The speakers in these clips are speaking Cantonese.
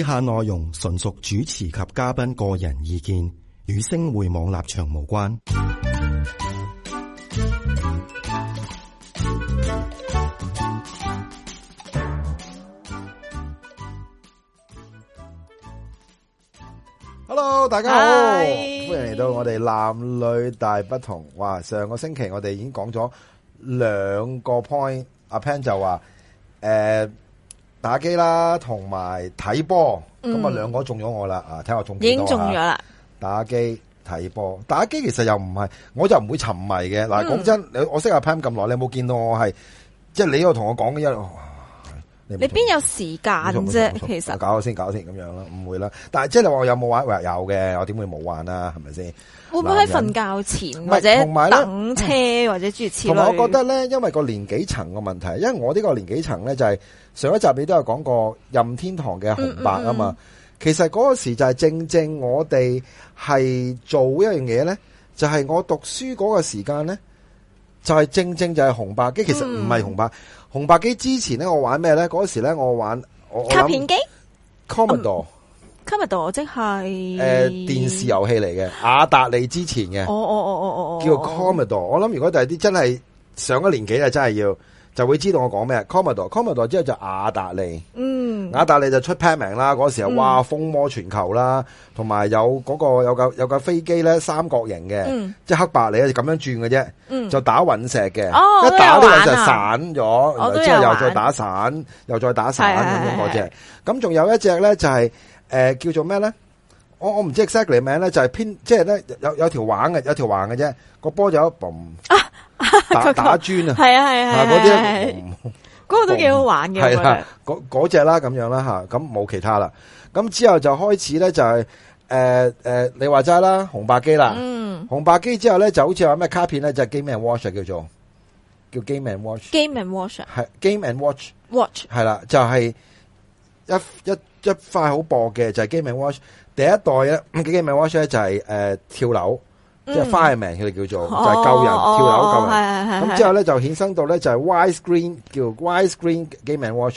以下內容純屬主持及嘉賓個人意見，與星匯網立場無關。Hello，大家好，Hi. 歡迎嚟到我哋男女大不同。哇，上個星期我哋已經講咗兩個 point，阿 Pan 就話，誒、呃。打機啦，同埋睇波，咁，啊兩個中咗我啦啊！睇下中幾多。已經中咗啦。打機睇波，打機其實又唔係，我就唔會沉迷嘅。嗱、嗯，講真，你我識阿 Pam 咁耐，你有冇見到我係即係你又同我講一？你邊有時間啫？其實，搞先，搞先咁樣咯，唔會啦。但係即係你話我有冇玩？話有嘅，我點會冇玩啊？係咪先？會唔會喺瞓覺前或者等車或者住車？同埋我覺得咧，因為個年紀層嘅問題，因為我呢個年紀層咧就係、是，上一集你都有講過任天堂嘅紅白啊嘛。嗯嗯，其實嗰個時就係正正我哋係做一樣嘢咧，就係、是，我讀書嗰個時間咧。就係、是、正正就係紅白機，其實唔係紅白。嗯、紅白機之前咧，我玩咩咧？嗰時咧，我玩卡片機。Commodore，Commodore、嗯、Commodore，即係誒、呃、電視遊戲嚟嘅，雅達利之前嘅。哦哦哦哦哦，叫做 Commodore、哦。我諗如果就係啲真係上咗年紀，啊，真係要。就會知道我講咩，Commodore，Commodore 之後就亞達利，嗯，亞達利就出 Pan 名啦，嗰時候哇風靡全球啦，同、嗯、埋有嗰、那個有架有架飛機咧三角形嘅、嗯，即係黑白你啊，咁樣轉嘅啫，就打隕石嘅、哦啊，一打啲嘢就散咗，啊、後之後又再打散，啊、又再打散咁嗰隻，咁仲有一隻咧就係、是、誒、呃、叫做咩咧？我我唔知 exactly 名咧，就係、是、偏即係咧有有條環嘅，有條環嘅啫，個波就嘣。啊 打打磚 啊，係啊係啊，嗰啲嗰個都幾好玩嘅。係、就、啊、是，嗰隻只啦咁樣啦吓，咁冇其他啦。咁、那個、之後就開始咧就係誒誒，你話齋啦，紅白機啦、嗯，紅白機之後咧就好似話咩卡片咧，就是、Game and Watch 叫做叫 Game and Watch，Game and Watch 係 Game and Watch，Watch 係啦，就係一一一塊好薄嘅就係 Game and Watch 第一代啊，Game and Watch 咧就係、是、誒、呃、跳樓。即係 Fire 嘅名，佢哋叫做，就係救人跳樓救人，咁、哦、之、哦、後咧就衍生到咧就係 wide screen 叫 wide screen game and watch，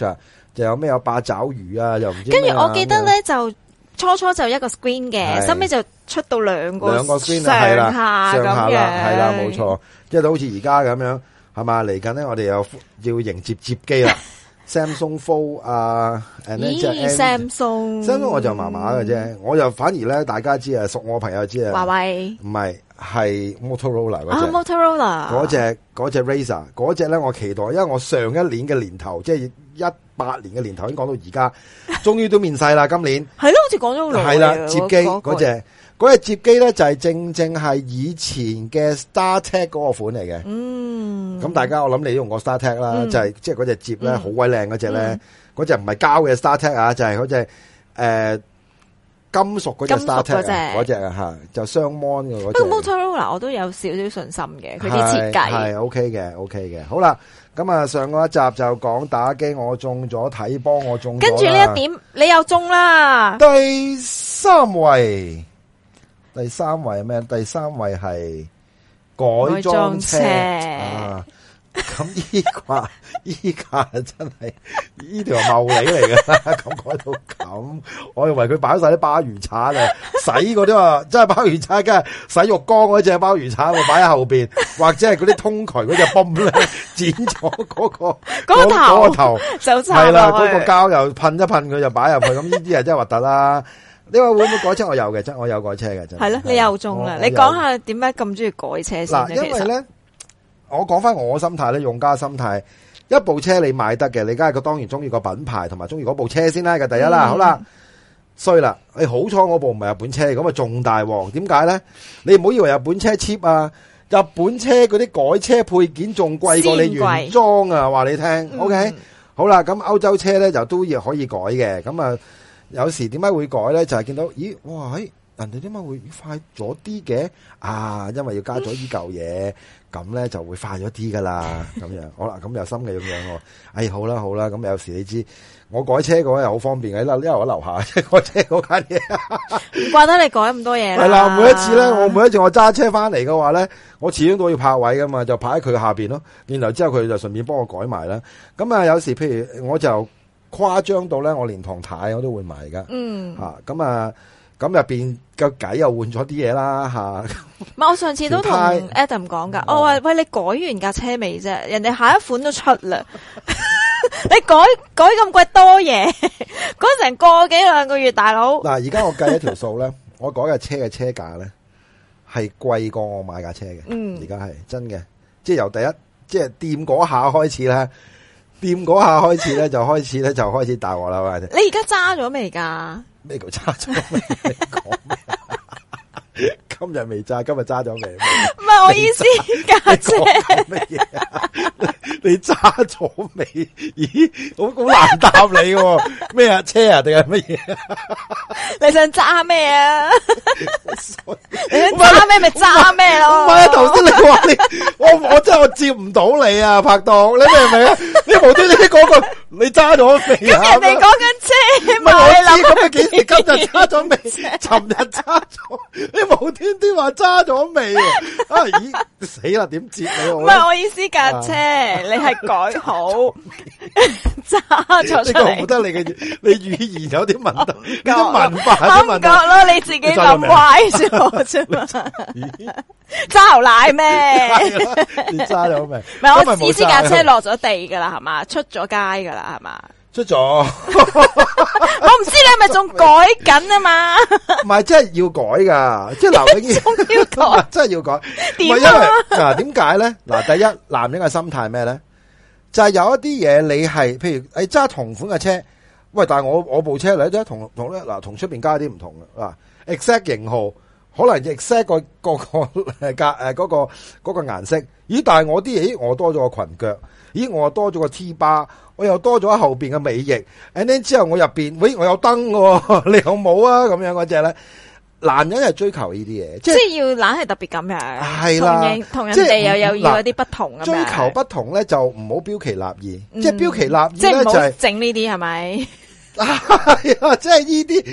就有咩有八爪魚啊，又唔知。跟住我記得咧就初初就一個 screen 嘅，收尾就出到兩個，上下兩個 screen，上下咁樣，樣，係啦冇錯，即係好似而家咁樣，係嘛？嚟緊咧我哋又要迎接接機啦。 Samsung phone、uh, 啊，Samsung samsung 我就麻麻嘅啫，我就反而咧，大家知啊，熟我朋友知啊，華為唔係係 Motorola 嗰隻，Motorola 嗰隻嗰隻 Razer 嗰隻咧，我期待，因為我上一年嘅年頭，即係一八年嘅年頭，已經講到而家，終於都面世啦， 今年係咯， 好似講咗好耐，係啦，摺機嗰隻，嗰隻摺機咧就係正正係以前嘅 StarTac 嗰個款嚟嘅，嗯。咁、嗯、大家，我諗你用個 star tech 啦，嗯，就係即係嗰隻接咧好鬼靚嗰隻咧，嗰隻唔係膠嘅 star tech 啊，就係嗰隻誒金屬嗰隻 star tech 嗰隻啊吓，就雙芒嘅嗰。不過 Motorola 我都有少少信心嘅，佢啲設計係 OK 嘅 OK 嘅。好啦，咁啊上個一集就講打機我中咗，睇波我中咗。跟住呢一點，你又中啦。第三位，第三位係咩？第三位係。改裝車，改裝車啊！咁呢掛呢掛真係呢條茂利嚟嘅，啦、這個，咁改到咁，我以為佢擺晒啲鮑魚鏟啊，洗嗰啲啊，即係鮑魚鏟，梗係洗浴缸嗰隻鮑魚鏟，擺喺後邊，或者係嗰啲通渠嗰隻泵咧，剪咗嗰、嗰個嗰、 嗰個嗰個頭，係、那、啦、個，嗰個膠又噴一噴佢就擺入去，咁呢啲係真係核突啦。你話會唔會改車？我有嘅真，我有改車嘅真。係啦，你又中啦！你講下點解咁中意改車先？因為咧，我講翻我心態咧，用家心態，一部車你買得嘅，你梗係佢當然中意個品牌同埋中意嗰部車先啦。嘅第一啦，嗯、好啦，衰啦，你、哎、好彩我部唔係日本車，咁啊仲大鑊。點解咧？你唔好以為日本車 cheap 啊，日本車嗰啲改車配件仲貴過你原裝啊！話你聽，OK，、嗯、好啦，咁歐洲車咧就都要可以改嘅，咁啊。有時點解會改咧？就係見到，咦，哇，人哋點解會快咗啲嘅？啊，因為要加咗呢嚿嘢，咁 咧就會快咗啲噶啦。咁樣，好啦，咁有心嘅咁樣。哎，好啦，好啦，咁有時你知，我改車嗰個又好方便嘅啦。因、哎、為我樓下改車嗰間嘢，唔 怪得你改咁多嘢。係啦，每一次咧，我每一次我揸車翻嚟嘅話咧，我始終都要泊位噶嘛，就泊喺佢下邊咯。然後之後，佢就順便幫我改埋啦。咁啊，有時譬如我就。誇張到咧，我連唐太我都會買噶，吓、嗯、咁啊，咁入邊個計又換咗啲嘢啦，吓、啊。唔係我上次都同 Adam 講噶，我話喂，你改完架車未啫？人哋下一款都出啦， 你改改咁貴多嘢，改成個幾兩個月，大佬。嗱，而家我計一條數咧，我改架車嘅車價咧係貴過我買架車嘅，嗯，而家係真嘅，即係由第一即係掂嗰下開始咧。掂嗰下開始咧，就開始咧，就開始大鑊啦！ 你而家揸咗未？噶咩叫揸咗未？ 你講咩？ 今日未揸，今日揸咗未？我意思，架家姐，你揸咗未？咦，我好難答你喎。咩啊？車啊？定係乜嘢？你想揸咩啊？揸咩咪揸咩咯。我頭先你話你，你，我我真係我接唔到你啊，拍檔。你明唔明啊？你無端端講句，你揸咗未？你人哋講緊車啊？唔係我諗，幾時今日揸咗未？尋日揸咗？你無端端話揸咗未？啊？死啦！點接你我？唔係我意思架車，啊、你係改好揸咗 出嚟。我覺得你嘅你語言有啲問題，啲 文化啲問題咯。你自己咁怪算我啫揸 牛奶咩？揸咗未？唔 係我意思架車落咗地噶啦，係嘛？出咗街噶啦，係嘛？出咗 ，我唔知你係咪仲改緊啊嘛？唔係，真係要改噶，即係劉永儀要改， 真係要改。點啊？嗱，點解咧？嗱、啊，第一，男人嘅心態咩咧？就係、是、有一啲嘢，你係譬如誒揸同款嘅車，喂，但係我我部車咧都同同咧，嗱、啊，同出邊加啲唔同嘅，嗱，exact 型號，可能 exact 個個個誒個個顏色，咦？但係我啲嘢，我多咗個裙腳。咦，我多咗個 T bar，我又多咗後邊嘅尾翼，and then 之後我入邊，喂、哎，我有燈喎、啊，你有冇啊？咁樣嗰隻咧，男人係追求呢啲嘢，即係要懶係特別咁樣，同人同人哋又又要啲不同咁樣，追求不同咧就唔好標奇立異、嗯，即係標奇立異咧就係整呢啲係咪？啊、 哎，即係呢啲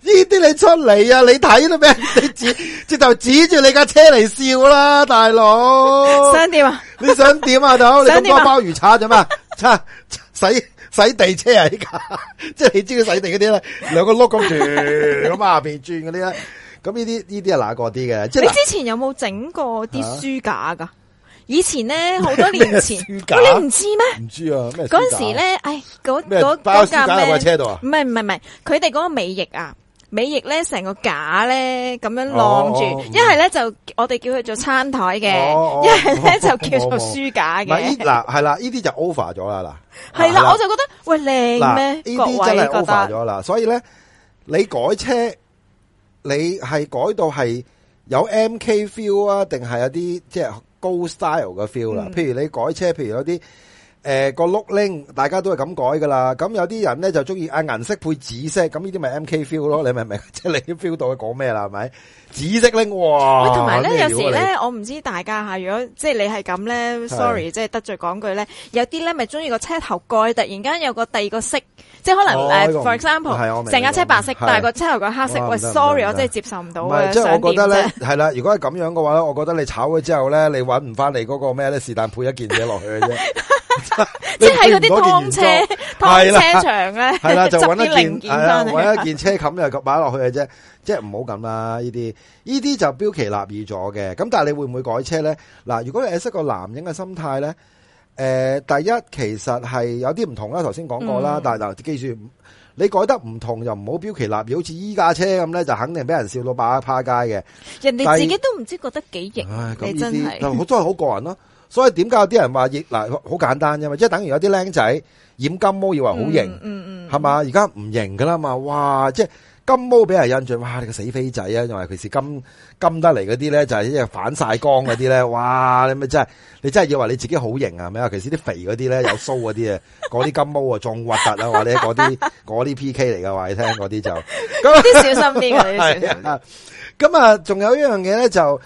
呢啲你出嚟啊，你睇到咩？你 直直指直頭指住你架車嚟笑啦，大佬。想點啊？你想點啊？大佬、啊！你攞包魚叉做嘛？擦 洗洗地車啊！依 家即係你知佢洗地嗰啲啦，兩個碌咁住咁啊，下邊轉啲咧。咁呢啲呢啲係哪個啲嘅？你之前有冇整過啲書架噶？啊以前咧好多年前，架哦、你唔知咩？唔知啊！嗰陣時咧，唉，嗰嗰嗰車度啊，唔係唔係唔係，佢哋嗰個尾翼啊，尾翼咧成個架咧咁樣晾住，一係咧就我哋叫佢做餐台嘅，一係咧就叫做書架嘅、哦。嗱、哦、係、哦哦哦哦哦啊啊、啦，呢啲就 over 咗、啊、啦嗱。係啦，我就覺得喂靚咩？呢啲真係 over 咗啦，所以咧，你改車，你係改到係有 MK feel 啊，定係有啲即係。高 style 嘅 feel 啦，嗯，譬如你改車，譬如有啲。誒、呃，個碌拎大家都係咁改噶啦，咁有啲人咧就中意啊銀色配紫色，咁呢啲咪 M K feel 咯，你明唔明？即 係你 feel 到佢講咩啦，係咪？紫色拎哇，同埋咧有時咧，我唔知大家吓，如果即係你係咁咧，sorry，即係得罪講句咧，有啲咧咪中意個車頭蓋突然間有個第二個色，即係可能誒、哦這個啊，for example，成、啊、架車白色，但係個車頭蓋黑色，喂，sorry，我真係接受唔到，即我想點啫？係 啦，如果係咁樣嘅話我覺得你炒咗之後咧，你搵唔翻你嗰個咩咧？是但配一件嘢落去嘅啫。 即係喺嗰啲劏車劏車場咧，就揾啲零件啦，揾一件車冚又咁擺落去嘅啫，即係唔好咁啦。呢啲呢啲就標奇立異咗嘅。咁但係你會唔會改車咧？嗱，如果你識個男人嘅心態咧，誒，第一其實係有啲唔同啦。頭先講過啦，但係嗱，記住你改得唔同就唔好標奇立異。好似呢架車咁咧，就肯定俾人笑到擺下趴街嘅。人哋自己都唔知覺得幾型，你真係，我真係好個人咯。所以點解有啲人話亦嗱好簡單啫嘛，即係等於有啲僆仔染金毛以為好型，嗯嗯，係、嗯、嘛？而家唔型噶啦嘛，哇！即係金毛俾人印象，哇！你個死飛仔啊！尤其係金金得嚟嗰啲咧，就係即係反晒光嗰啲咧，哇！你咪真係你真係以為你自己好型 啊？咪？啊？其實啲肥嗰啲咧，有鬚嗰啲啊，嗰啲金毛啊，仲核突啦！或者嗰啲啲 PK 嚟噶，話你聽嗰啲就咁，啲小心啲係啊！咁啊，仲有一樣嘢咧就。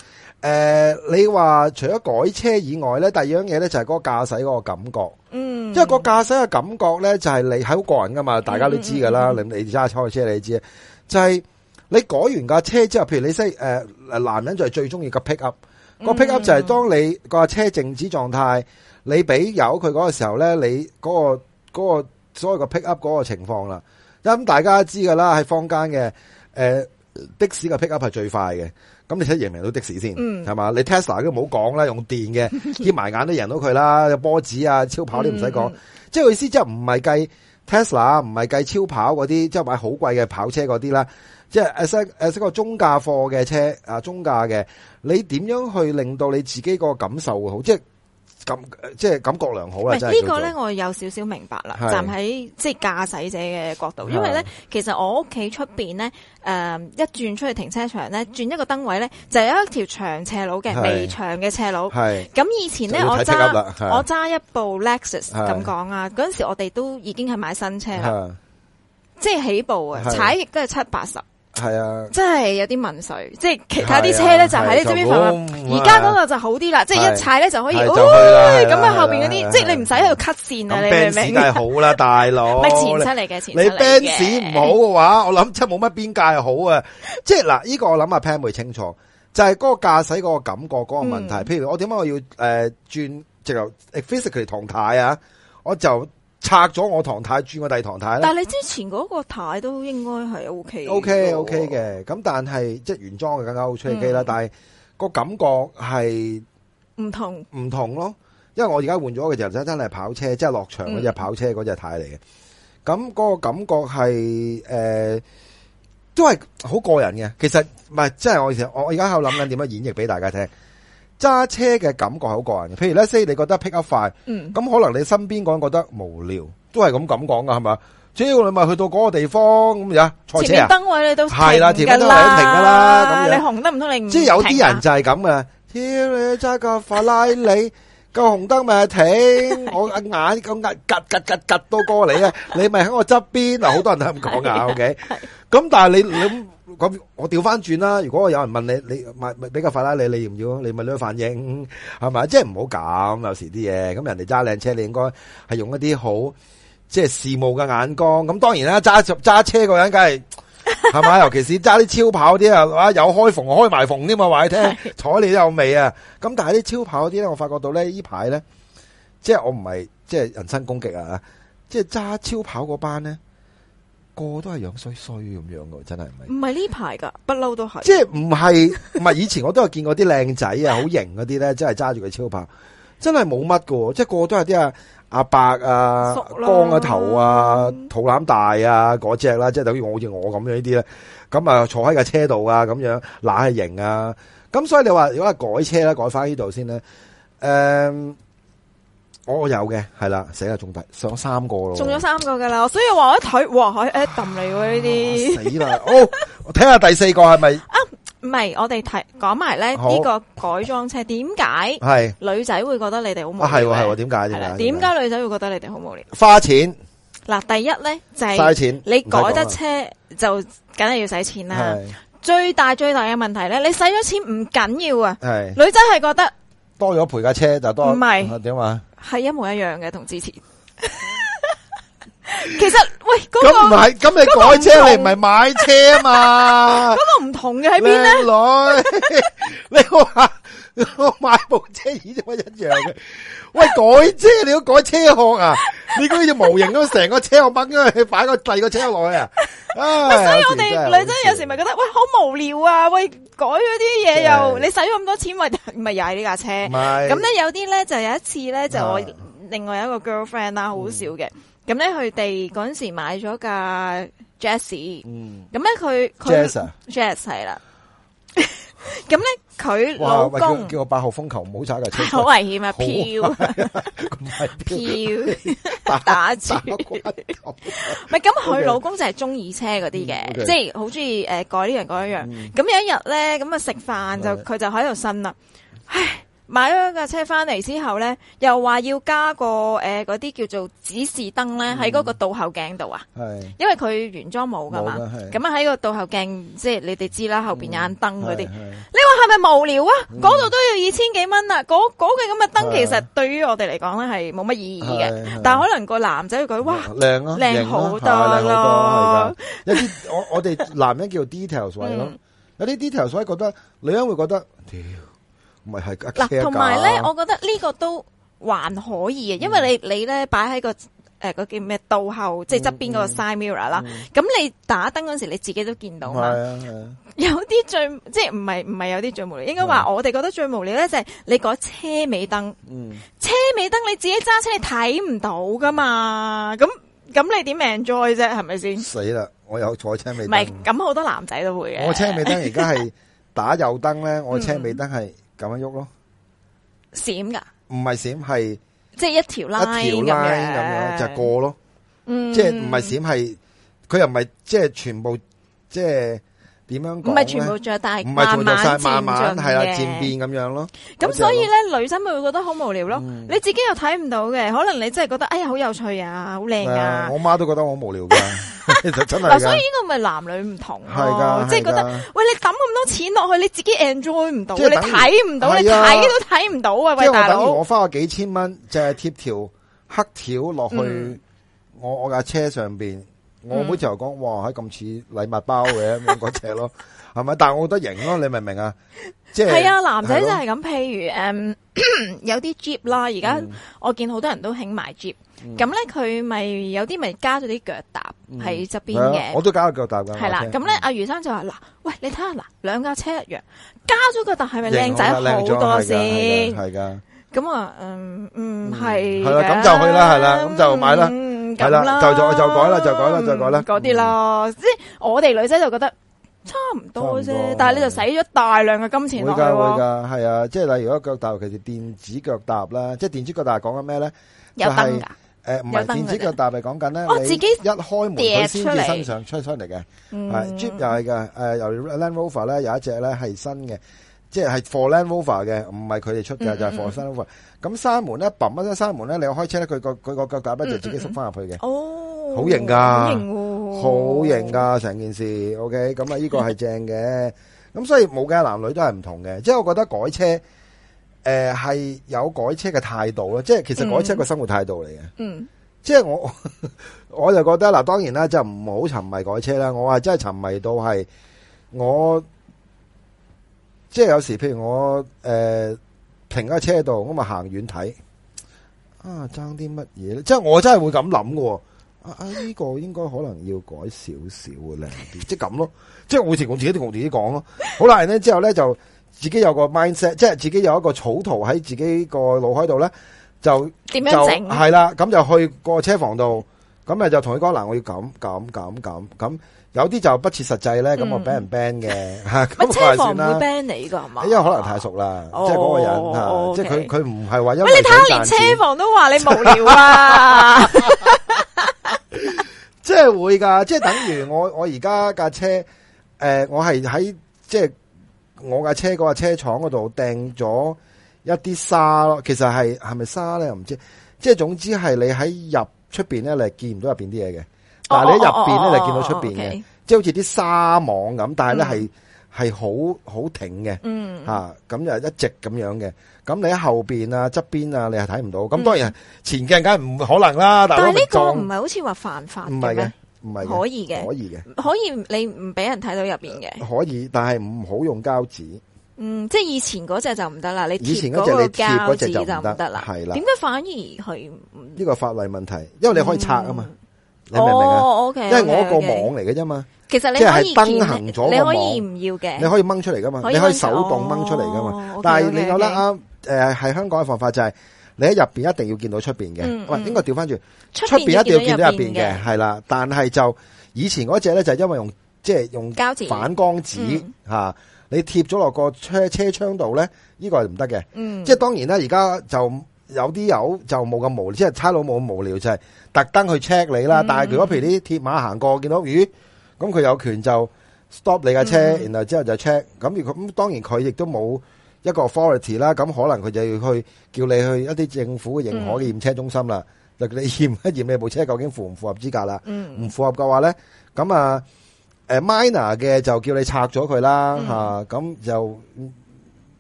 誒、呃，你話除咗改車以外咧，第二樣嘢咧就係個駕駛嗰個感覺，嗯，因為個駕駛嘅感覺咧就係你係好個人噶嘛，大家都知噶啦，嗯嗯、你你揸下車車你知，就係、是、你改完架車之後，譬如你識誒誒男人就係最中意個 pick up，、嗯那個 pick up 就係當你個車靜止狀態，你俾油佢嗰個時候咧，你嗰、那個嗰、那個那個所謂個 pick up 嗰個情況啦，咁大家知噶啦，喺坊間嘅誒。呃的士嘅 pickup 係最快嘅，咁你睇贏唔贏到的士先，係、嗯、嘛？你 Tesla 都唔好講啦，用電嘅，眯埋眼都贏到佢啦，有波子啊，超跑你唔使講，即係意思即係唔係計 Tesla，唔係計超跑嗰啲，即係買好貴嘅跑車嗰啲啦，即係誒，誒，個中價貨嘅車啊，中價嘅，你點樣去令到你自己個感受會好？即係。咁即係感覺良好啊！唔係呢個咧，我有少少明白啦。站喺即係駕駛者嘅角度，因為咧，其實我屋企出邊咧，誒、呃、一轉出去停車場咧，轉一個燈位咧，就有一條長斜路嘅，未長嘅斜路。係咁以前咧，我揸我揸一部 Lexus 咁講啊，嗰陣時我哋都已經係買新車啦，即係起步啊，踩亦都係七八十。係啊，真係有啲文水，即係其他啲車咧就喺呢邊混而家嗰度就好啲啦，即係一踩咧就可以，咁啊,、哦、啊,啊後邊嗰啲，即係你唔使喺度 cut 線啊,啊,啊，你明唔明 b 梗係好啦，大佬，係前車嚟嘅，前車嚟你 Band 唔好嘅話，我諗真係冇乜邊界好啊，即係嗱，呢、啊這個我諗阿 Pan 會清楚，就係、是、嗰個駕駛嗰個感覺嗰、那個問題。嗯、譬如我點解我要誒轉、呃、直頭 physically 動態啊，我就。拆咗我唐太，轉我第唐太咧。但係你之前嗰個太都應該係 O K 嘅。O K O K 嘅，咁但係即係原裝嘅更加 O K 啦。但係個感覺係唔同，唔同咯。因為我而家換咗嘅就真真係跑車，即係落場嗰隻、嗯、跑車嗰隻太嚟嘅。咁嗰個感覺係誒、呃，都係好過癮嘅。其實唔係，即係我我而家喺度諗緊點樣演繹俾大家聽。揸車嘅感覺係好個人嘅。譬如咧，先你覺得 pick up 快，咁可能你身邊個人覺得無聊，都係咁咁講噶，係嘛？只要你咪去到嗰個地方咁樣，賽車啊！停燈位你都係啦，條街都停噶啦，咁你紅得唔通你？即係有啲人就係咁嘅，屌你揸架法拉利！個紅燈咪停，我眼咁夾夾夾夾多哥你啊，你咪喺我側邊，好多人都咁講噶，OK。咁但係你咁咁，我調翻轉啦。如果有人問你，你咪咪畀個法拉利。你你要唔要？你咪點反應係咪？即係唔好搞。有時啲嘢咁人哋揸靚車，你應該係用一啲好即係事務嘅眼光。咁當然啦，揸揸車個人梗係。係 嘛？尤其是揸啲超跑啲啊，有開篷，開埋篷添嘛？話你聽，坐你都有味啊！咁但係啲超跑啲咧，我發覺到咧，呢排咧，即係我唔係即係人身攻擊啊！即係揸超跑嗰班咧，個都係樣衰衰咁樣噶，真係唔係。唔係呢排噶，不嬲都係。即係唔係唔係？以前我都係見過啲靚仔啊，好型嗰啲咧，真係揸住個超跑，真係冇乜噶，即係個個都係啲啊。阿伯啊，光個頭啊，肚腩大啊，嗰隻啦，即係等於我好似我咁樣呢啲咧，咁啊坐喺架車度啊，咁樣乸型啊，咁所以你話如果係改車咧，改翻呢度先咧，誒，我有嘅係啦，死啦仲得上三個咯，中咗三個噶啦，所以話我一睇，哇，海 Adam 嚟喎呢啲，死啦，哦，我睇下第四個係咪啊？唔係，我哋提講埋咧呢、這個改裝車，點解女仔會覺得你哋好無聊？係係，點解？點解？點解女仔會覺得你哋好無聊？花錢嗱，第一咧就係、是、你改得車就梗係要使錢啦。最大最大嘅問題咧，你使咗錢唔緊要啊。係女仔係覺得多咗陪架車就多唔係點啊？係、啊、一模一樣嘅同之前。 其實喂，嗰，那個咁，唔係，咁你改車，那個，你唔係買車啊嘛？嗰 個唔同嘅喺邊咧？你話我 買部車已經好一樣嘅， 喂，改車，你要改車殼啊？ 你嗰啲模型都成個車殼掹咗去擺個第二個車落去啊？所以我哋女仔有時咪覺得 喂，好無聊啊！喂，改嗰啲嘢又，就是，你使咁多錢，咪係踩呢架車？咁咧有啲咧就有一次咧就我另外有一個 girlfriend 啦，啊，好少嘅。嗯咁咧，佢哋嗰陣時買咗架 Jazz，咁咧佢，Jazz，Jazz 係啦。咁咧佢老公叫我八號風球唔好踩架車，好危險啊！飄，飄打車。咪咁佢老公就係中意車嗰啲嘅，即係好中意誒改呢樣改一樣。咁有一日咧，咁啊食飯就佢就喺度呻啦，唉。買咗架車翻嚟之後咧，又話要加個誒嗰啲叫做指示燈咧，喺、嗯、嗰個倒後鏡度啊。係，因為佢原裝冇噶嘛。咁啊喺個後鏡倒後鏡，即係你哋知啦，後邊有盞燈嗰啲。你話係咪無聊啊？嗰、嗯、度都要二千幾蚊啊。嗰嗰嘅咁嘅燈，其實對於我哋嚟講咧係冇乜意義嘅。但係可能個男仔會覺得，靚咯，靚、啊、好多咯、啊 。有啲我我哋男人叫 detail 晒咯、嗯，有啲 detail 所以覺得女人會覺得，咪係架，同埋咧，我覺得呢個都還可以啊，嗯、因為你你咧擺喺個誒、呃、叫咩，倒後即係側邊嗰個 side mirror 啦。咁你打燈嗰時，你自己都見到嘛？嗯、有啲最即係唔係唔係有啲最無聊，應該話我哋覺得最無聊咧，就係你個車尾燈。嗯，車尾燈你自己揸車睇唔到噶嘛？咁咁你點 enjoy 啫？係咪先？死啦！我有坐車尾燈。唔係，咁好多男仔都會嘅。我車尾燈而家係打右燈咧， 我車尾燈係。咁樣喐咯，閃噶？唔係閃，係即係一條拉，一條拉咁樣就是、過咯。嗯，即係唔係閃，係佢又唔係即係全部，即係點樣講？唔係全部，大唔係全部着晒，慢慢，係啦、啊，漸變咁樣咯。咁所以咧，女生咪會覺得好無聊咯、嗯。你自己又睇唔到嘅，可能你真係覺得哎呀好有趣啊，好靚啊。我媽都覺得好無聊噶。 其實真係嗱、啊，所以呢個咪男女唔同咯、啊，即係、就是、覺得，喂，你抌咁多錢落去，你自己 enjoy 唔到，你睇唔到，你睇都睇唔到啊！喂，大佬、嗯，即係我等於我花咗幾千蚊，就係貼條黑條落去我我架車上邊，我妹就又講，哇，喺咁似禮物包嘅咁嗰隻咯。那個 係咪？但係我覺得型咯，你明唔明啊？即係係啊，男仔就係咁。譬如誒，有啲 Jeep 啦，而家我見好多人都興買 Jeep、嗯。咁咧，佢咪有啲咪加咗啲腳踏喺側邊嘅。我都加咗腳踏噶。係啦、啊，咁咧，阿、嗯啊、余生就話嗱，喂，你睇下嗱，兩架車一樣，加咗腳踏係咪靚仔好多先？係噶。咁啊，嗯，唔、嗯、係。係啦，咁就去啦，係啦，咁就買啦。嗯，嗯啦，那就就就改啦，就改啦，就改啦。嗰啲啦，即係我哋女仔就覺得。差唔多啫，但係你就使咗大量嘅金錢咯。會噶會噶，係啊，即係例如個腳踏，尤其是電子腳踏啦，即係電子腳踏講緊咩咧？有燈噶，誒，唔係電子腳踏，係講緊咧，你自己一開門佢先至身上出出嚟嘅，係，Jeep 又係噶，誒，由 Land Rover 咧有一隻咧係新嘅，即係係 Ford Land Rover 嘅，唔係佢哋出嘅就係 Ford Land Rover。咁閂門咧，嘭一聲閂門咧，你開車咧，佢個佢個腳架不就自己縮翻入去嘅，哦，好型噶。好型噶成件事，OK，咁啊，呢個係正嘅。咁所以冇計，男女都係唔同嘅。即係我覺得改車，誒係有改車嘅態度咯。即係其實改車個生活態度嚟嘅。嗯，即係我我就覺得嗱，當然啦，就唔好沉迷改車啦。我話真係沉迷到係我，即係有時候譬如我誒停喺車度，咁咪行遠睇啊，爭啲乜嘢咧？即係我真係會咁諗喎。啊呢、啊這個應該可能要改少少嘅靚啲，即係咁咯，即係我自己同自己講咯。 好啦然之後咧就自己有個 mindset，即係自己有一個草圖喺自己個腦海度咧，就點樣整？係啦，咁就去個車房度，咁啊就同佢講，嗱、呃，我要咁咁咁咁咁。有啲就不切實際咧，咁啊俾人 ban 嘅吓。咁 車房不會 ban 你噶係嘛？因為可能太熟啦、oh, okay. 啊，即係嗰個人即係佢佢唔係話因為喂你睇下，連車房都話你無聊啊！ 即係會噶，即係等於我我而家架車，誒、呃，我係喺即係我架車嗰個車廠嗰度訂咗一啲沙咯，其實係係咪沙咧又唔知，即係總之係你喺入出邊咧，你係見唔到入邊啲嘢嘅，但係你喺入邊咧，你見到出邊嘅，即係好似啲沙網咁，但係咧係。嗯係好好挺嘅，吓、嗯、咁、啊、就一直咁樣嘅。咁你喺後邊啊、側邊啊，你係睇唔到。咁當然前鏡梗係唔可能啦，但係呢個唔係好似話犯法嘅咩？唔係嘅，可以嘅，可以嘅，可以，可以，可以你唔俾人睇到入邊嘅，可以，但係唔好用膠紙。嗯，即係以前嗰隻就唔得啦，你以前嗰隻你貼嗰隻就唔得啦，係啦。點解反而係呢、這個法例問題？因為你可以拆啊嘛、嗯，你明唔明、哦 okay, 因為我一個、okay, okay. 網嚟嘅啫嘛。其實你可以即係燈行咗個網，你可以唔要嘅，你可以掹出嚟噶嘛，你可以手動掹出嚟噶嘛。但係你覺得啦，誒、okay, okay, okay. 呃，係香港嘅方法就係你喺入邊一定要見到出邊嘅。喂，應該調翻轉？出邊一定要見到入邊嘅，係啦。但係就以前嗰隻咧，就係因為用即係、就是、用反光紙吓、嗯啊，你貼咗落個車車窗度咧，呢、這個係唔得嘅。即係當然啦，而家就有啲友就冇咁無聊，即係差佬冇咁無聊，就係特登去 check 你啦、嗯。但係如果譬如啲鐵馬行過，見到魚。咁佢有權就 stop 你架車，然後之後就 check、嗯。咁如果咁，當然佢亦都冇一個 authority 啦。咁可能佢就要去叫你去一啲政府認可嘅驗車中心啦、嗯，就你驗一驗你部車究竟符唔符合資格啦。唔、嗯、符合嘅話咧，咁啊，誒 minor 嘅就叫你拆咗佢啦。吓、嗯、咁、啊、就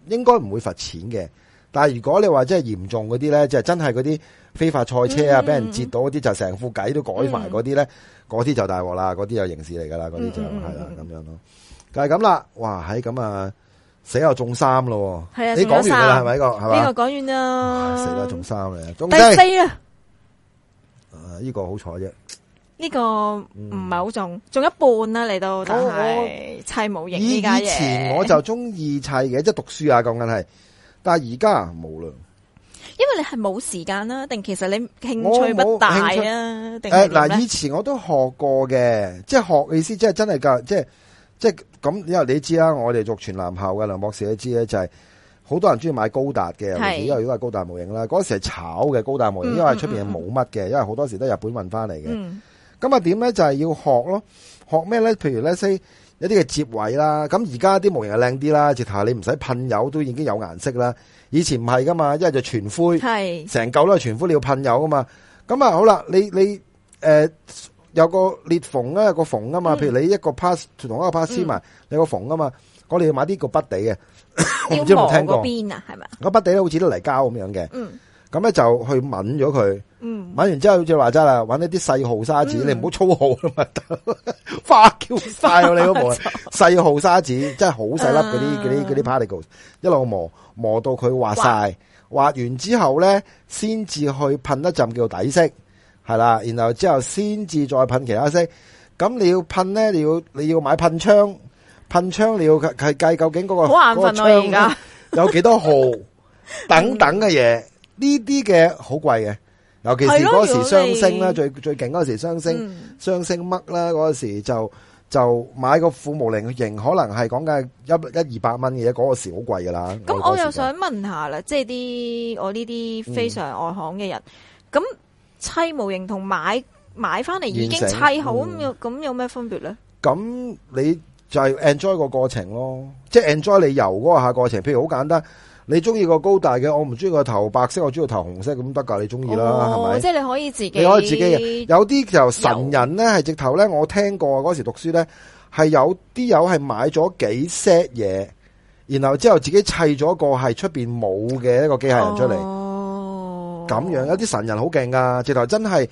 應該唔會罰錢嘅。但係如果你話真係嚴重嗰啲咧，就是、真係嗰啲非法賽車啊，俾、嗯、人截到嗰啲，就成副偈都改埋嗰啲咧。嗯嗰啲就大鑊啦，嗰啲就刑事嚟噶啦，嗰啲就係啦咁樣咯，就係咁啦，哇，喺、哎、咁啊死又中三咯、啊，你講完啦係咪個係呢個講完啦，死啦中三嘅，中第四啊，呢、這個好彩啫，呢、這個唔係好中，中一半啦嚟到，但係砌模型，以前我就中意砌嘅，即、就、係、是、讀書啊咁嘅係，但係而家冇啦。因為你係冇時間啦，定其實你興趣不大啦。定係點咧？誒，嗱，以前我都學過嘅，即係學意思、就是，即係真係噶，即係即係咁。因為你知啦，我哋做全男校嘅，梁博士都知咧，就係、是、好多人中意買高達嘅、嗯，因為如果係高達模型啦，嗰時係炒嘅高達模型，因為出邊係冇乜嘅，因為好多時候都係日本運翻嚟嘅。咁、嗯、啊，點咧就係、就是、要學咯，學咩咧？譬如咧，先。一啲嘅接位啦，咁而家啲模型係靚啲啦，直頭你唔使噴油都已經有顏色啦。以前唔係噶嘛，一係就全灰，係成嚿都係全灰，你要噴油㗎嘛。咁啊好啦，你你誒、呃、有個裂縫咧，有個縫啊嘛，譬如你一個 pass 同一個 pass 嘛、嗯，你個縫啊嘛，我哋要買啲個筆地嘅，你 知唔聽過邊啊？係咪？個筆地咧，好似都泥膠咁樣嘅。咁咧就去揾咗佢、嗯，揾完之後好似話齋啦，揾一啲細號沙紙、嗯、你唔好粗號都嘛花膠晒你都冇。細 號沙紙真係好細粒嗰啲嗰啲啲 particles，一路磨磨到佢滑晒，滑完之後咧先至去噴一浸叫底色，係啦，然後之後先至再噴其他色。咁你要噴咧，你要你要買噴槍，噴槍你要計計究竟嗰、嗰個嗰槍、啊、有幾多號、嗯、等等嘅嘢。呢啲嘅好貴嘅，尤其是嗰時雙星啦，最最勁嗰時雙星，雙星乜啦，嗰時就就買個富模零型，可能係講緊一一二百蚊嘅嘢，嗰個時好貴噶啦。咁我又想問下啦、嗯，即係啲我呢啲非常外行嘅人，咁砌模型同買買翻嚟已經砌好咁，嗯、有咩分別咧？咁你就係 enjoy 個過程咯，即係 enjoy 你游嗰下過程。譬如好簡單。你中意個高大嘅，我唔中意個頭白色，我中意頭紅色，咁得噶，你中意啦，係，哦，咪？即係你可以自己。你可以自己嘅。有啲就神人咧，係直頭咧，我聽過嗰時讀書咧，係有啲友係買咗幾 set 嘢，然後之後自己砌咗個係出邊冇嘅一個機械人出嚟。哦。咁樣，有啲神人好勁噶，直頭真係。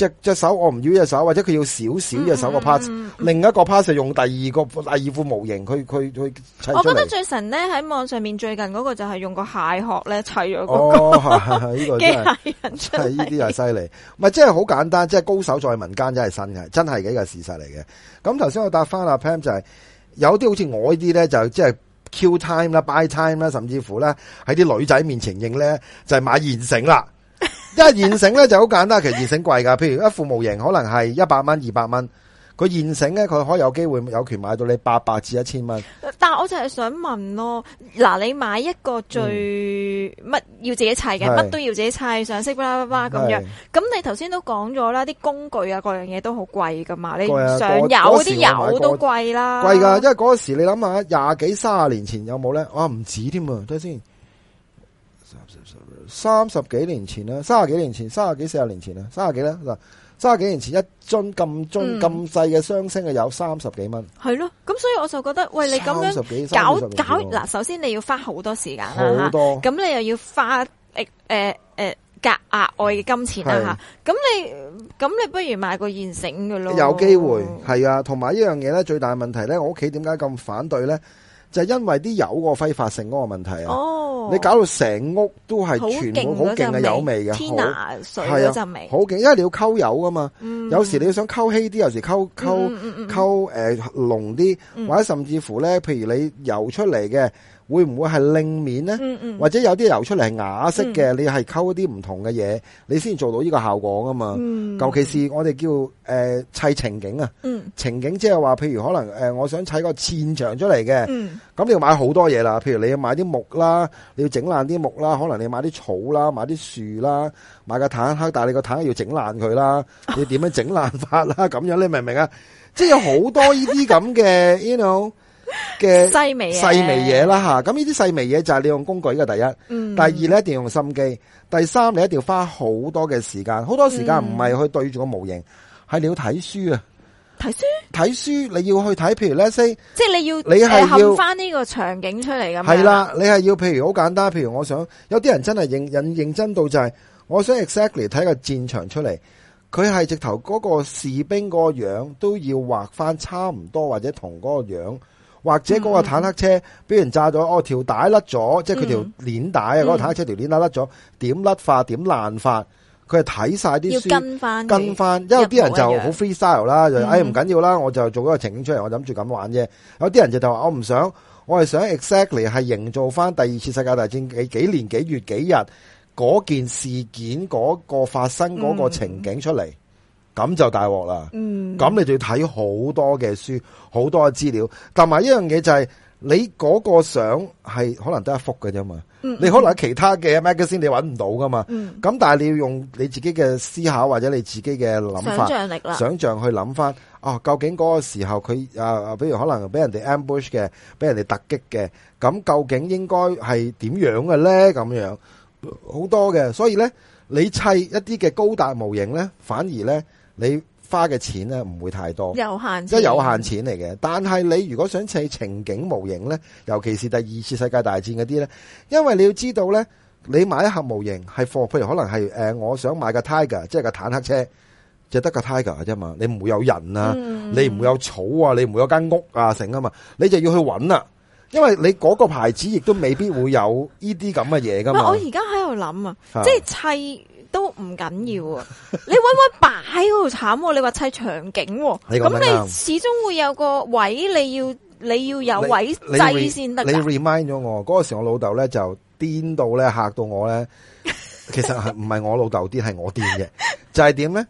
隻隻，隻手我唔要隻手，或者佢要少少隻手嘅 part，、嗯嗯、另一個 part 就用第二個第二副模型，佢佢佢砌出嚟。我覺得最神咧喺網上面最近嗰個就係用個蟹殼咧砌咗個機械人出嚟，依啲又係犀利。唔 即 真係好簡單，即係高手在民間真係新嘅，真係嘅依個事實嚟嘅。咁頭先我答翻阿 Pam 就係、是、有啲好似我呢啲咧，就即係 Q time 啦、buy time 啦，甚至乎咧喺啲女仔面前認咧就係、是、買現成啦。一 現成咧就好簡單，其實現成貴噶。譬如一副模型，可能係一百蚊，二百蚊。佢現成咧，佢可以有機會有權買到你八百至一千蚊。但係我就係想問咯，嗱，你買一個最乜，嗯、要自己砌嘅，乜都要自己砌，上色啦拉咁樣。咁你頭先都講咗、啊、啦，啲工具啊，各樣嘢都好貴噶嘛。你上有啲油都貴啦，貴噶。因為嗰時你諗下，廿幾卅年前有冇咧？我唔止添啊，睇先。等等等等三十幾年前啦，三十幾年前，三十幾四十年前啦，三十幾呢？嗱，三十幾年前一樽咁樽咁細嘅雙星嘅有三十幾蚊，係咯，咁所以我就覺得，喂，你咁樣搞搞嗱，首先你要花好多時間啦，好多咁你又要花誒誒誒格額外嘅金錢啦嚇，咁你咁你不如買個現成嘅咯，有機會係啊，同埋呢樣嘢咧最大問題咧，我屋企點解咁反對咧？就係、因為啲油個揮發性嗰個問題、哦、個啊，你搞到成屋都係全部好勁嘅油味嘅，係啊，好勁，因為你要溝油㗎嘛、嗯，有時你要想溝稀啲，有時溝溝溝誒濃啲，或者甚至乎咧，譬如你油出嚟嘅。嗯會唔會係另面咧、嗯嗯？或者有啲油出嚟係啞色嘅、嗯，你係溝一啲唔同嘅嘢，你先做到呢個效果啊嘛！尤、嗯、其是我哋叫誒、呃、砌情景啊，嗯、情景即係話，譬如可能誒、呃，我想砌個戰場出嚟嘅，咁、嗯、你要買好多嘢啦。譬如你要買啲木啦，你要整爛啲木啦，可能你要買啲草啦，買啲樹啦，買個坦克，但係你個坦克要整爛佢啦，你要點樣整爛法啦，咁、啊、樣你明唔明啊？ 即係有好多呢啲咁嘅，you know。嘅細微嘢，細微嘢啦吓，咁呢啲細微嘢就係你用工具嘅第一，嗯、第二呢，你一定要用心機，第三你一定要花好多嘅時間，好多時間唔係去對住個模型，係、嗯、你要睇書啊，睇書睇書你要去睇，譬如 say 即係你要你係要翻呢個場景出嚟咁樣，係啦，你係要譬如好簡單，譬如我想有啲人真係認認認真到就係、是，我想 exactly 睇個戰場出嚟，佢係直頭嗰個士兵個樣都要畫翻差唔多，或者同嗰個樣。或者嗰個坦克車俾人炸咗、嗯，哦條帶甩咗，即係佢條鏈帶啊，嗰、嗯嗰個坦克車條鏈帶甩咗，點、嗯、甩化？點爛化？佢係睇晒啲書跟翻，跟翻。因為啲人就好 free style 啦，就唉唔緊要啦，我就做嗰個情景出嚟、嗯，我諗住咁玩啫。有啲人就就話我唔想，我係想 exactly 係營造翻第二次世界大戰幾幾年幾月幾日嗰件事件嗰、嗰個發生嗰、嗰個情景出嚟。嗯嗯咁就大鑊啦！咁、嗯、你就要睇好多嘅書，好多嘅資料。但埋一樣嘢就係、是，你嗰個相係可能得一幅嘅啫嘛。你可能喺其他嘅 magazine 你搵唔到噶嘛。咁、嗯、但係你要用你自己嘅思考或者你自己嘅諗法，想象力啦，想象去諗翻啊，究竟嗰個時候佢啊，比如可能俾人哋 ambush 嘅，俾人哋突擊嘅，咁究竟應該係點樣嘅咧？咁樣好多嘅，所以咧。你砌一啲嘅高達模型咧，反而咧你花嘅錢咧唔會太多，有限即係、就是、有限錢嚟嘅。但係你如果想砌情景模型咧，尤其是第二次世界大戰嗰啲咧，因為你要知道咧，你買一盒模型係貨，譬如可能係誒，我想買個 Tiger，即係個坦克車，就得個 Tiger 啫嘛，你唔會有人啊，嗯、你唔會有草啊，你唔會有間屋啊成啊嘛，你就要去揾啦、啊。因為你嗰個牌子亦都未必會有呢啲咁嘅嘢噶嘛。我而家喺度諗啊，即係砌都唔緊要啊。你搵位擺喺度慘喎，你話砌場景、啊，咁你，你始終會有個位，你要你要有位砌先得。你 remind 咗我，嗰、那個、時候我老豆咧就癲到咧嚇到我咧。其實係唔係我老豆癲，係我癲嘅。就係點咧？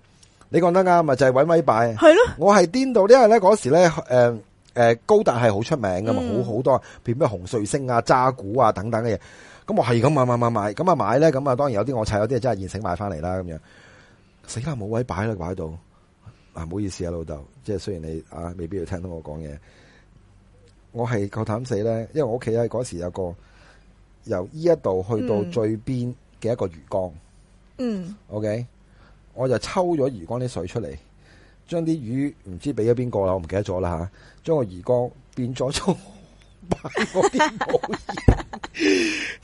你講得啱咪？就係、是、搵位擺。係咯，我係癲到，因為咧嗰時咧誒。呃誒，高達係好出名噶嘛，好、嗯、好多，譬如咩紅瑞星啊、渣古啊等等嘅嘢，咁我係咁買買買買，咁啊買咧，咁啊當然有啲我砌，有啲真係現成買翻嚟啦，咁樣，死啦冇位擺啦，擺喺度，啊唔好意思啊老豆，即係雖然你啊未必要聽到我講嘢，我係夠膽死咧，因為我屋企咧嗰時有個由呢一度去到最邊嘅一個魚缸，嗯，嗯，OK，我就抽咗魚缸啲水出嚟。將啲魚唔知俾咗邊個啦，我唔記得咗啦吓。將、啊、個魚缸變咗做擺嗰啲魚，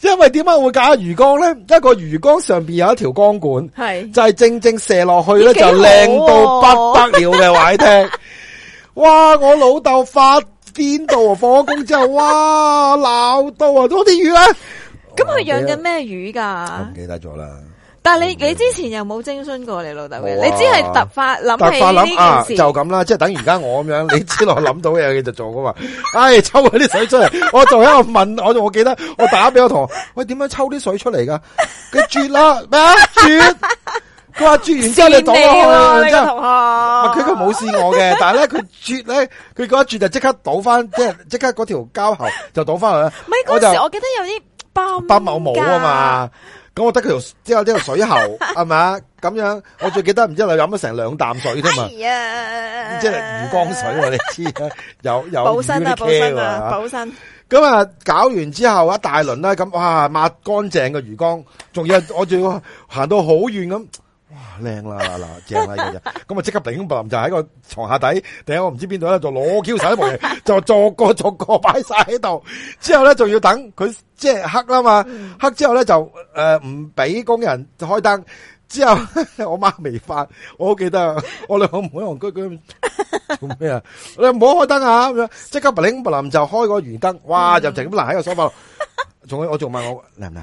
因為點解會揀魚缸咧？一個魚缸上邊有一條光管，係就係、是、正正射落去咧、啊，就靚到不得了嘅話你聽，哇！我老豆發癲到啊，放工之後哇鬧到啊，多啲魚咧。咁佢養緊咩魚噶？唔記得咗啦。但係你、okay. 你之前又冇徵詢過你老豆嘅、啊，你只係突發諗突發諗起呢件事。啊、就咁啦，即係等而家我咁樣， 你知我諗到嘅嘢你就做噶嘛。唉、哎，抽佢啲水出嚟，我仲喺度問我， 我記得我打俾我同學， 喂點樣抽啲水出嚟噶？佢啜啦咩？啜！ 佢話啜完之後你倒落去。之後佢佢冇試我嘅，但係咧佢啜咧，佢嗰一啜就即刻倒翻， 即係即刻嗰條膠喉就倒翻去。咪嗰時我記得有啲包冇啊嘛。 咁我得佢條，之後呢個水喉係咪，咁 樣我最記得唔知你飲咗成兩啖水啫嘛、哎，即係魚缸水我、啊、哋知、啊，有有、啊、保身啊保身啊保身。咁啊搞完之後一大輪啦，咁哇抹乾淨嘅魚缸，仲要我仲要行到好遠咁。 哇靚啦嗱，正啦其實，咁啊即刻頂布林就喺個床下底，頂我唔知邊度咧，就攞 Q 晒啲布嘢，就逐個逐個擺晒喺度。之後咧，仲要等佢即係黑啦嘛，黑之後咧就誒唔俾工人就開燈。之後我媽未發，我好記得啊，我兩唔好戇居居做咩啊？你唔好開燈啊咁樣，即刻頂布林就開個圓燈。哇，入成咁難喺個沙發度，仲我仲問我靚唔靚？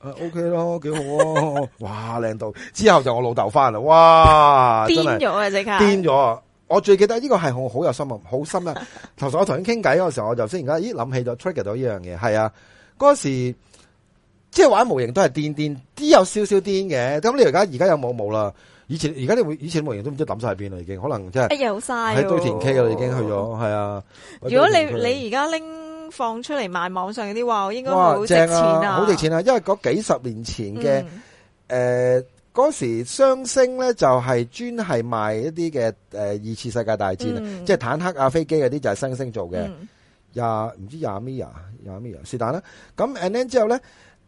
OK 咯，幾好，哇，靚到之後就我老豆翻嚟，哇，癲咗啊，即刻，癲咗！我最記得呢個係我好有心啊，好深啊。頭 先我同佢傾偈嗰個時候，我就先然間咦諗起咗 trigger 到呢樣嘢，係啊，嗰時即係玩模型都係癲癲，啲有少少癲嘅。咁你而家而家有冇冇啦？以前而家你會以前模型都唔知抌晒喺邊啦，已經可能即係一喺堆填區啦，哎，已經去咗，係、哦、啊。如果你你而家拎。放出嚟賣網上嗰啲話，應該好值錢啊,正啊！好值錢啊！因為嗰幾十年前嘅，誒、嗯，嗰、呃、時雙星咧就係專係賣一啲嘅，誒、呃，二次世界大戰、嗯、即係坦克啊、飛機嗰啲就係雙星做嘅，廿、嗯、唔知廿米啊，廿米啊，是但啦。咁，and then 之後咧，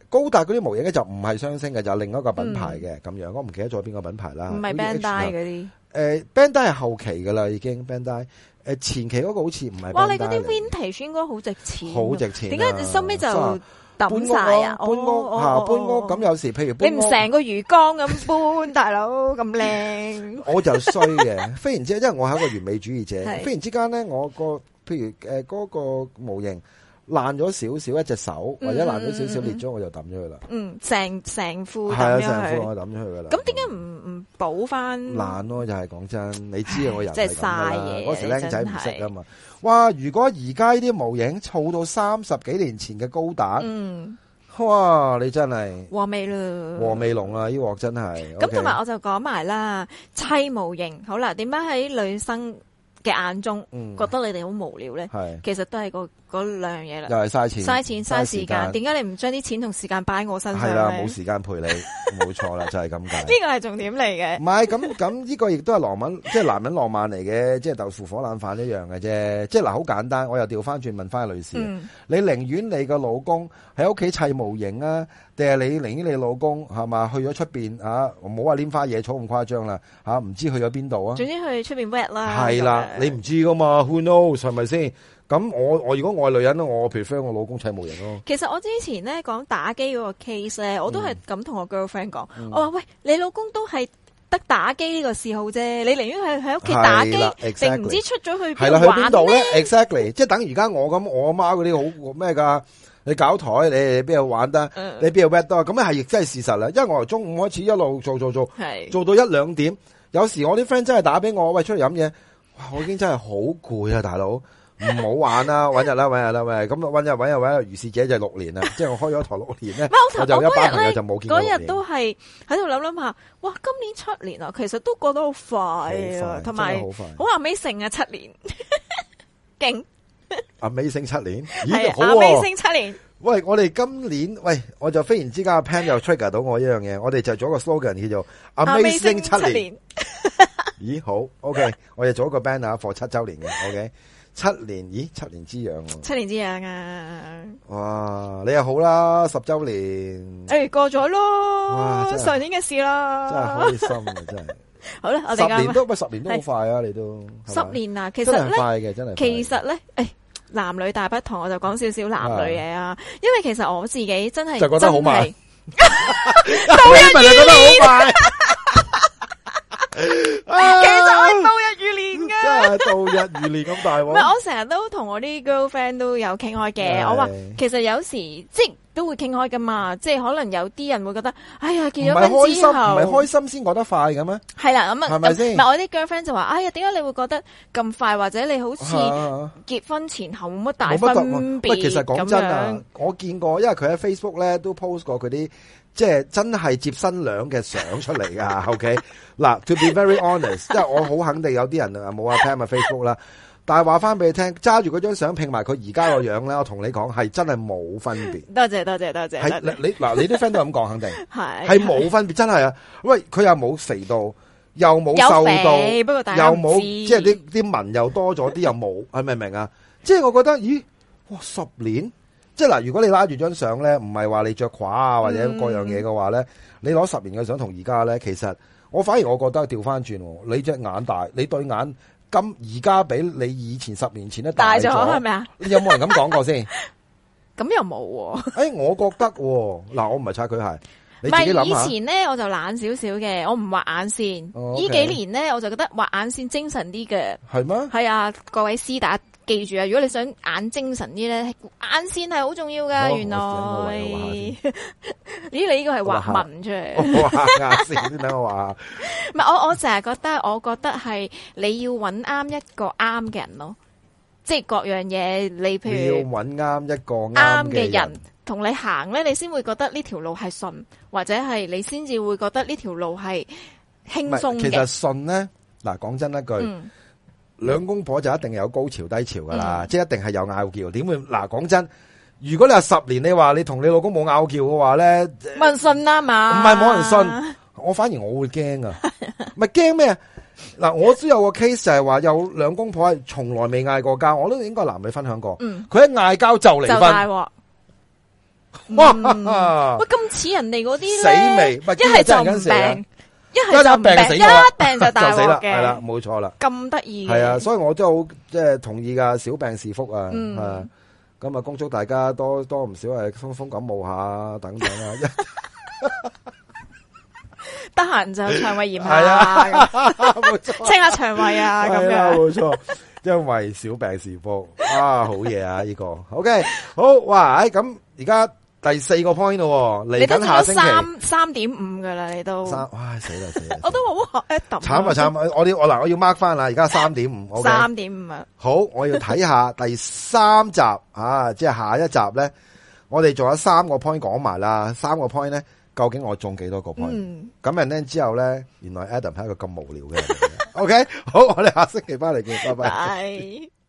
高達嗰啲模型咧就唔係雙星嘅，就係、是、另一個品牌嘅，咁、嗯、樣我唔記得咗邊個品牌啦，唔係 Bandai 嗰啲。誒、uh，band d i w n 係後期噶啦，已經 band d i w 誒，uh, 前期嗰個好似唔係。哇，你嗰啲 vin 皮應該好值錢，好值錢。點解收尾就抌晒啊？搬屋吓、啊，搬、哦、屋咁、哦哦嗯嗯嗯嗯、有時譬如你唔成個魚缸咁搬，大佬咁靚。我就衰嘅，忽然之，因為我係一個完美主義者。忽 然之間咧，我個譬如誒嗰個模型。爛咗少少一隻手，或者爛咗少少裂咗，我就抌咗佢啦。嗯，成成副咁樣係啊，成副我抌咗佢噶啦。咁點解唔唔補翻？爛咯，就係講真，你知我人即係嘥嘢，真係嗰時僆仔唔識噶嘛。哇！如果而家呢啲模型湊到三十幾年前嘅高達，嗯，哇！你真係和味咯，和味龍啊，呢鑊真係。咁今日我就講埋啦，砌模型好啦，點解喺女生嘅眼中覺得你哋好無聊咧？係，其實都係個。嗰兩樣嘢啦，又係嘥錢、嘥錢、嘥時間。點解你唔將啲錢同時間擺喺我身上？係啦，冇時間陪你，冇錯啦，就係咁解。呢個係重點嚟嘅。唔係咁咁，呢個亦都係浪漫， 即係男人浪漫嚟嘅，即係豆腐火腩飯一樣嘅啫。即係嗱，好簡單。我又調翻轉問翻女士、嗯，你寧願你個老公喺屋企砌模型啊，定係你寧願你老公係嘛去咗出邊啊？唔好話拈花惹草咁誇張啦，吓、啊、唔知去咗邊度啊？總之去出邊 wet 啦。係、啊、啦，你唔知噶嘛？Who knows 係咪先？咁我我如果我係女人咯，我 prefer 我老公砌模型咯。其實我之前咧講打機嗰個 case 咧、嗯，我都係咁同我 girlfriend 講、嗯，我話喂，你老公都係得打機呢個嗜好啫，你寧願係喺屋企打機，定唔、exactly, 知出咗去邊度咧？Exactly，即係等而家我咁，我媽嗰啲好咩噶？你搞台你邊度玩得？你邊度玩得？咁咧係亦真係事實啦，因為我由中午開始一路做做做，做到一兩點。有時我啲 friend 真係打俾我，喂，出去飲嘢，我已經真係好攰啊，大佬。唔好玩啦，搵日啦，搵日啦，咁搵日搵日搵日，如是者就是六年啦，即係我開咗台六年咧。 我就一班朋友就冇見過六年。嗰日都係喺度諗諗下，哇！今年七年啊，其實都過得好快啊，同埋好 Amazing 啊七年，勁 Amazing 七年，咦好啊，Amazing 七年。喂，我哋今年喂，我就忽然之間阿 Pan 又 trigger 到我一樣嘢，我哋就做一個 slogan 叫做 Amazing 七年。七年 咦好，OK，我哋做一個 banner for 七周年嘅，OK。七年？咦，七年之癢？七年之癢啊！哇，你又好啦，十周年，誒，過咗咯，上年嘅事啦，真係好開心啊，真係。好啦，我哋十年都咪十年都好快啊，你都十年啊，其實咧，其實咧，誒，男女大不同，我就講少少男女嘢啊，因為其實我自己真係就覺得好慢，導演你覺得好快，其實我導演。因真係度日如年咁大鑊，唔、哦、係 我成日都同我啲 girlfriend 都有傾開嘅。我話其實有時，即係都會傾開噶嘛，即係可能有啲人會覺得，哎呀，結咗婚之後，唔係開心先覺得快㗎咩？係啦，咁、嗯、啊，係咪先？嗱，我啲 girlfriend 就話，哎呀，點解你會覺得咁快，或者你好似結婚前後冇乜大分別？其實講真啊，我見過，因為佢喺 Facebook 咧都 post 過佢啲。即係真係接新娘嘅相出嚟噶 ，OK？嗱，to be very honest，即 係我好肯定有啲人啊冇阿 Pam Facebook 啦，但係話翻俾你聽，揸住嗰張相拼埋佢而家個樣咧，我同你講係真係冇分別。多謝多謝多謝。你嗱，你啲 friend 都咁講，肯定係係冇分別，真係啊！喂，佢又冇肥到，又冇瘦到，不過又冇 即係啲啲紋又多咗啲又冇，係咪明唔明啊？ 即係我覺得，咦，哇，十年。即係嗱，如果你拉住張相咧，唔係話你着褂啊或者各樣嘢嘅話咧，嗯、你攞十年嘅相同而家咧，其實我反而我覺得調翻轉，你隻眼大，你對眼咁而家比你以前十年前都大咗大咗係咪啊？有冇人咁講過先？咁又冇誒，我覺得嗱、啊，我唔係拆佢係。唔以前咧，我就懶少少嘅，我唔畫眼線。呢、哦 okay，幾年咧，我就覺得畫眼線精神啲嘅，係咩？係啊，各位師打。記住啊！如果你想眼精神啲咧，眼線係好重要嘅，哦。原來 咦，你呢個係畫文出嚟？畫眼線先等我畫。唔 係我客 我成日 覺得，我覺得係你要揾啱一個啱嘅人咯，即、就、係、是、各樣嘢。你譬如你要揾啱一個啱嘅人同你行咧，你先會覺得呢條路係順，或者係你先至會覺得呢條路係輕鬆嘅。其實順咧，嗱講真的一句。嗯兩公婆就一定有高潮低潮噶啦，嗯、即係一定係有拗撬。點會？嗱，講真，如果你話十年你話你同你老公冇拗撬嘅話咧，冇人信啊嘛。唔係冇人信，我反而我會驚啊。咪驚咩？嗱，我都有個 case 就係話有兩公婆係從來未嗌過交，我都應該男女分享過。嗯，佢一嗌交就離婚就。哇！喂、嗯，咁似人哋嗰啲死命，一係就唔病。一係一病就死啦，一病就大死啦，係啦，冇錯啦。咁得意嘅係啊，所以我真係好即係同意噶，小病是福啊，咁啊，恭祝大家多多唔少係，風風感冒下等等啦。得閒就腸胃炎下，清下腸胃啊，咁樣冇錯，因為小病是福啊，好嘢啊，呢個 OK 好哇，咁而家。第四個 point 咯，嚟緊下，下星期三三點五噶啦，你都，三，唉，死啦死啦 我，我都好學 Adam，慘啊慘，我啲我嗱我要 mark 翻啦。而家三點五，三點五啊，好我要睇下第三集 啊，即係下一集咧，我哋仲有三個 point 講埋啦，三個 point 咧，究竟我中幾多個 point？咁樣咧之後咧，原來 Adam 係一個咁無聊嘅人 ，OK，好，我哋下星期翻嚟見，拜拜。Bye